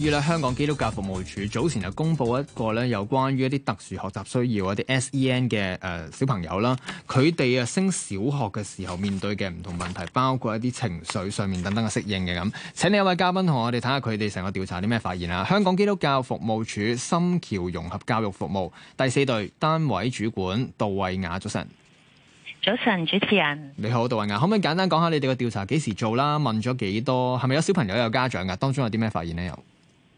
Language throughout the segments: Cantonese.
依咧，香港基督教服務處早前就公布一個咧，有關於一啲特殊學習需要一啲 S.E.N. 嘅誒、呃、小朋友啦，佢哋啊升小學嘅時候面對嘅唔同問題，包括一啲情緒上面等等嘅適應嘅咁，請你有位嘉賓同我哋睇下佢哋成個調查啲咩發現啦。香港基督教服務處心橋融合教育服務第四隊單位主管杜惠雅早晨。早晨，主持人你好。杜惠雅，可唔可以簡單講下你哋嘅調查幾時做啦？問咗幾多？係咪有小朋友有家長噶？當中有啲咩發現呢？又？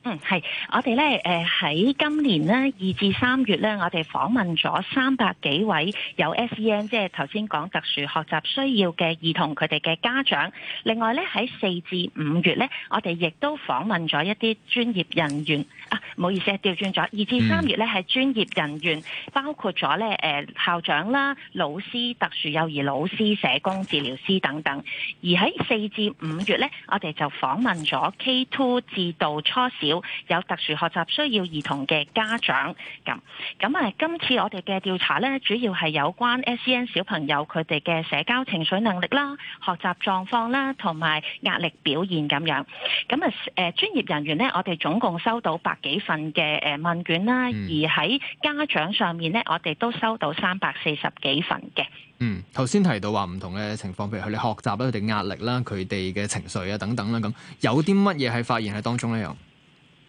嗯，係，我哋咧，誒、呃、喺今年咧二至三月咧，我哋訪問咗三百幾位有 SEN，即係頭先講特殊學習需要嘅兒童佢哋嘅家長。另外咧喺四至五月咧，我哋亦都訪問咗一啲專業人員，啊唔好意思，調轉咗。二至三月咧係專業人員，包括咗咧誒校長啦、老師特殊幼兒老師社工、治療師等等。而喺四至五月咧，我哋就訪問咗 K2 至到初小有特殊學習需要兒童嘅家長，咁咁啊今次我哋嘅調查咧，主要係有關 SEN 小朋友佢哋嘅社交情緒能力啦、學習狀況啦，同埋壓力表現咁樣，咁啊誒專業人員咧，我哋總共收到百幾。份嘅誒問卷啦，而喺家長上面咧，我哋都收到三百四十幾份嘅。嗯，頭先提到話唔同嘅情況，譬如佢哋學習啦、佢哋壓力啦、佢哋嘅情緒啊等等啦，咁有啲乜嘢係發現喺當中咧？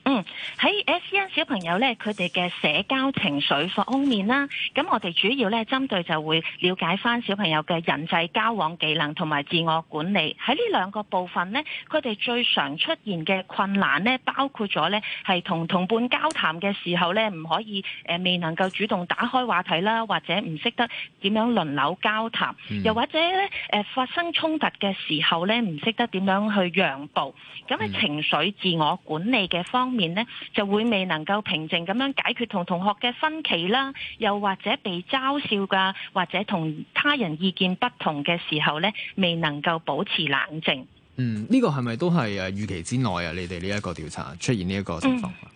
嗯，喺 SEN 小朋友咧，佢哋嘅社交情緒方面啦，咁我哋主要咧針對就會了解翻小朋友嘅人際交往技能同埋自我管理。喺呢兩個部分咧，佢哋最常出現嘅困難咧，包括咗咧係同同伴交談嘅時候咧，唔可以誒、呃、未能夠主動打開話題啦，或者唔識得點樣輪流交談，又或者咧誒、呃、發生衝突嘅時候咧，唔識得點樣去讓步。咁喺情緒自我管理嘅方，面咧就會未能夠平靜咁樣解決同同學嘅分歧啦，又或者被嘲笑噶，或者同他人意見不同嘅時候呢，未能夠保持冷靜。嗯，呢個係咪都係誒預期之內啊？你哋呢一個調查出現呢一個情況。嗯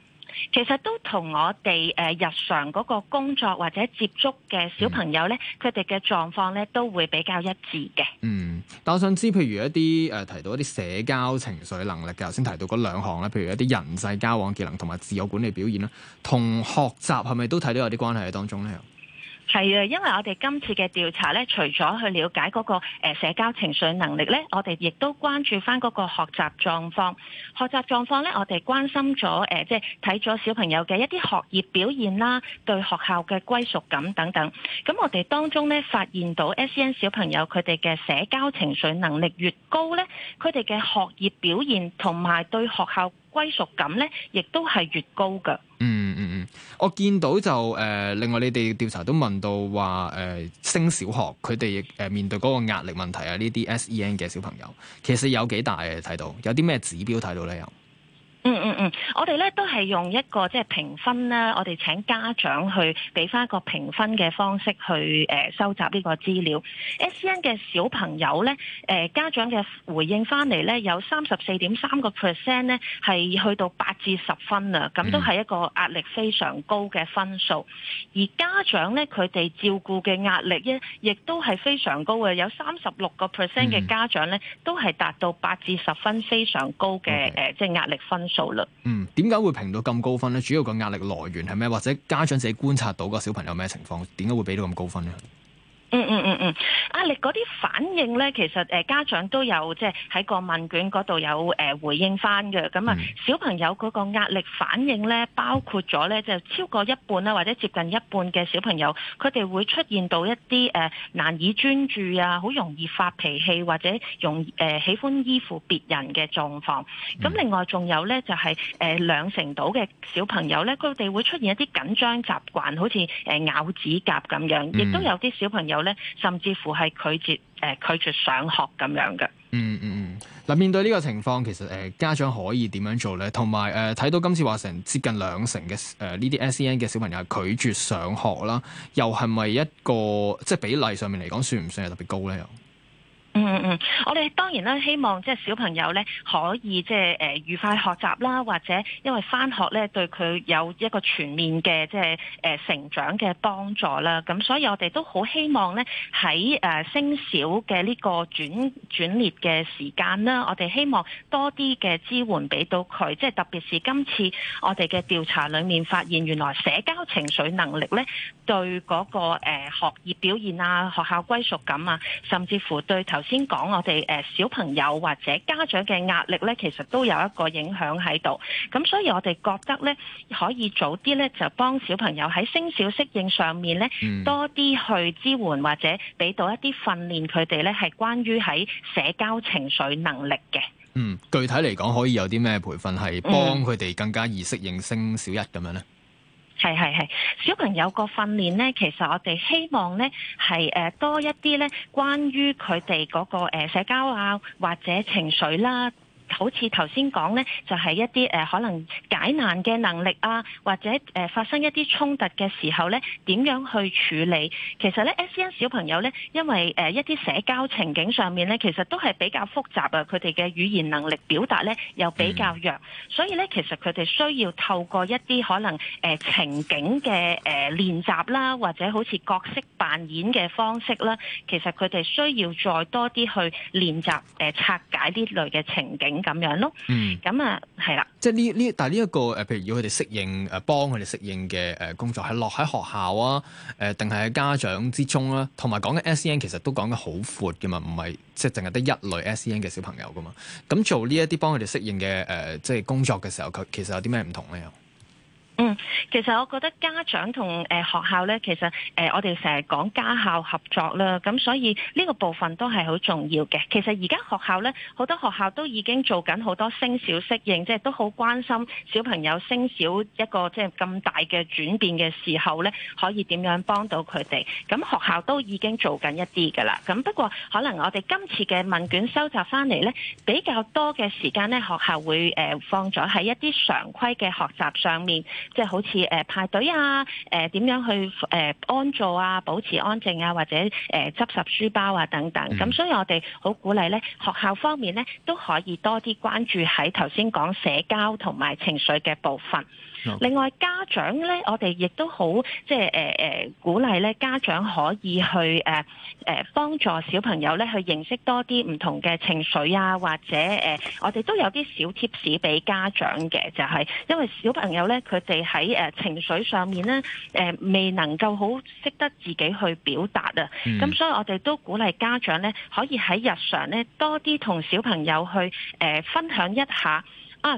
其實都同我哋誒日常嗰個工作或者接觸嘅小朋友咧，佢哋嘅狀況咧都會比較一致嘅。嗯，但我想知，譬如一啲誒、呃、提到一啲社交情緒能力嘅，頭先提到嗰兩項咧，譬如一啲人際交往技能同埋自我管理表現啦，同學習係咪都睇到有啲關係喺當中咧？係啊，因為我哋今次嘅調查咧，除咗去了解嗰個社交情緒能力咧，我哋亦都關注翻嗰個學習狀況。學習狀況咧，我哋關心咗誒，即係睇咗小朋友嘅一啲學業表現啦，對學校嘅歸屬感等等。咁我哋當中咧發現到 SEN 小朋友佢哋嘅社交情緒能力越高咧，佢哋嘅學業表現同埋對學校歸屬感咧，亦都係越高嘅。嗯。我見到就誒、呃，另外你哋調查都問到話誒升小學佢哋誒面對嗰個壓力問題啊，呢啲 SEN 嘅小朋友其實有幾大嘅？睇到，有啲咩指標睇到咧有。嗯嗯嗯，我哋咧都係用一個即係評分啦，我哋請家長去俾翻一個評分嘅方式去誒收集呢個資料。SEN 嘅小朋友咧，誒家長嘅回應翻嚟咧，有三十四點三個 percent 咧係去到八至十分啊，咁都係一個壓力非常高嘅分數。而家長咧，佢哋照顧嘅壓力咧，亦都係非常高嘅，有三十六個 percent 嘅家長咧都係達到八至十分非常高嘅誒，即係壓力分數。嗯，點解會評到咁高分呢？主要個壓力來源係咩？或者家長自己觀察到個小朋友咩情況？點解會俾到咁高分呢？嗯嗯嗯嗯，壓力嗰啲反應咧，其實誒家長都有即係喺個問卷嗰度有誒回應翻嘅。咁啊、嗯，小朋友嗰個壓力反應咧，包括咗咧即係超過一半啦，或者接近一半嘅小朋友，佢哋會出現到一啲誒難以專注啊，好容易發脾氣或者容誒喜歡依附別人嘅狀況。咁另外仲有咧就係誒兩成度嘅小朋友咧，佢哋會出現一啲緊張習慣，好似誒咬指甲咁樣，亦都有啲小朋友。咧，甚至乎係拒絕誒，拒絕上學咁樣嘅。嗯嗯嗯，嗱，面對呢個情況，其實誒、呃，家長可以點樣做咧？同埋誒，睇、呃、到今次話成接近兩成嘅誒，呢、呃、啲 S E N 嘅小朋友係拒絕上學啦，又係咪一個即係比例上面嚟講，算唔算係特別高咧？又？嗯嗯我哋當然啦，希望即係小朋友咧可以即係誒愉快學習啦，或者因為翻學咧對佢有一個全面嘅即係誒成長嘅幫助啦。咁所以我哋都好希望咧喺誒升小嘅呢個轉轉列嘅時間啦，我哋希望多啲嘅支援俾到佢，即係特別是今次我哋嘅調查裏面發現原來社交情緒能力咧對嗰個誒學業表現啊、學校歸屬感啊，甚至乎對頭。先講我哋誒、呃、小朋友或者家長嘅壓力咧，其實都有一個影響喺度。咁所以我哋覺得咧，可以早啲咧就幫小朋友喺升小適應上面咧，多啲去支援或者俾到一啲訓練佢哋咧，係關於喺社交情緒能力嘅。嗯，具體嚟講可以有啲咩培訓係幫佢哋更加易適應升小一咁樣咧？嗯嗯係係係，小朋友個訓練咧，其實我哋希望咧係誒多一啲咧，關於佢哋嗰個、呃、社交啊，或者情緒啦、啊。好似頭先講咧，就係、是、一啲誒、呃、可能解難嘅能力啊，或者誒、呃、發生一啲衝突嘅時候咧，點樣去處理？其實咧 SEN 小朋友咧，因為誒、呃、一啲社交情景上面咧，其實都係比較複雜啊。佢哋嘅語言能力表達咧又比較弱，所以咧其實佢哋需要透過一啲可能誒、呃、情景嘅誒、呃、練習啦，或者好似角色扮演嘅方式啦，其實佢哋需要再多啲去練習誒、呃、拆解呢類嘅情景。咁樣咯，咁啊、嗯，係啦。即係呢呢，但係呢一個誒，譬如要佢哋適應誒，幫佢哋適應嘅誒工作，係落喺學校啊，誒，定係喺家長之中啦、啊。同埋講緊 SEN 其實都講得好闊嘅嘛，唔係即係淨係得一類 SEN 嘅小朋友噶嘛。咁做呢一啲幫佢哋適應嘅誒、呃，即係工作嘅時候，佢其實有啲咩唔同咧？嗯、其實我覺得家長同誒、呃、學校咧，其實誒、呃、我哋成日講家校合作啦，咁所以呢個部分都係好重要嘅。其實而家學校咧，好多學校都已經做緊好多升小適應，即係都好關心小朋友升小一個即係咁大嘅轉變嘅時候咧，可以點樣幫到佢哋？咁學校都已經做緊一啲㗎喇。咁不過可能我哋今次嘅問卷收集返嚟咧，比較多嘅時間咧，學校會誒、呃、放咗喺一啲常規嘅學習上面。即係好似誒排隊啊，誒、呃、點樣去誒、呃、安坐啊，保持安靜啊，或者誒、呃、執拾書包啊等等。咁 所以我哋好鼓勵咧，學校方面咧都可以多啲關注喺頭先講社交同埋情緒嘅部分。另外，家長呢，我哋亦都好即係誒誒鼓勵咧，家長可以去誒誒、呃呃、幫助小朋友咧，去認識多啲唔同嘅情緒啊，或者誒、呃，我哋都有啲小貼士俾家長嘅，就係、是、因為小朋友呢，佢哋喺誒情緒上面呢，誒、呃、未能夠好識得自己去表達啊，咁、嗯、所以我哋都鼓勵家長呢，可以喺日常呢，多啲同小朋友去誒、呃、分享一下。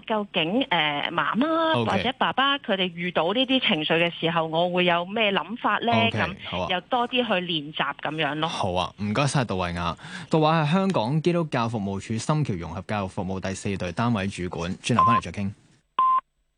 究竟誒、呃、媽媽或者爸爸佢哋遇到呢啲情緒嘅時候，我會有咩諗法呢？咁、okay, 啊、又多啲去練習咁樣咯。好啊！唔該晒杜惠雅，杜惠係香港基督教服務處心橋融合教育服務第四隊單位主管。轉頭翻嚟再傾。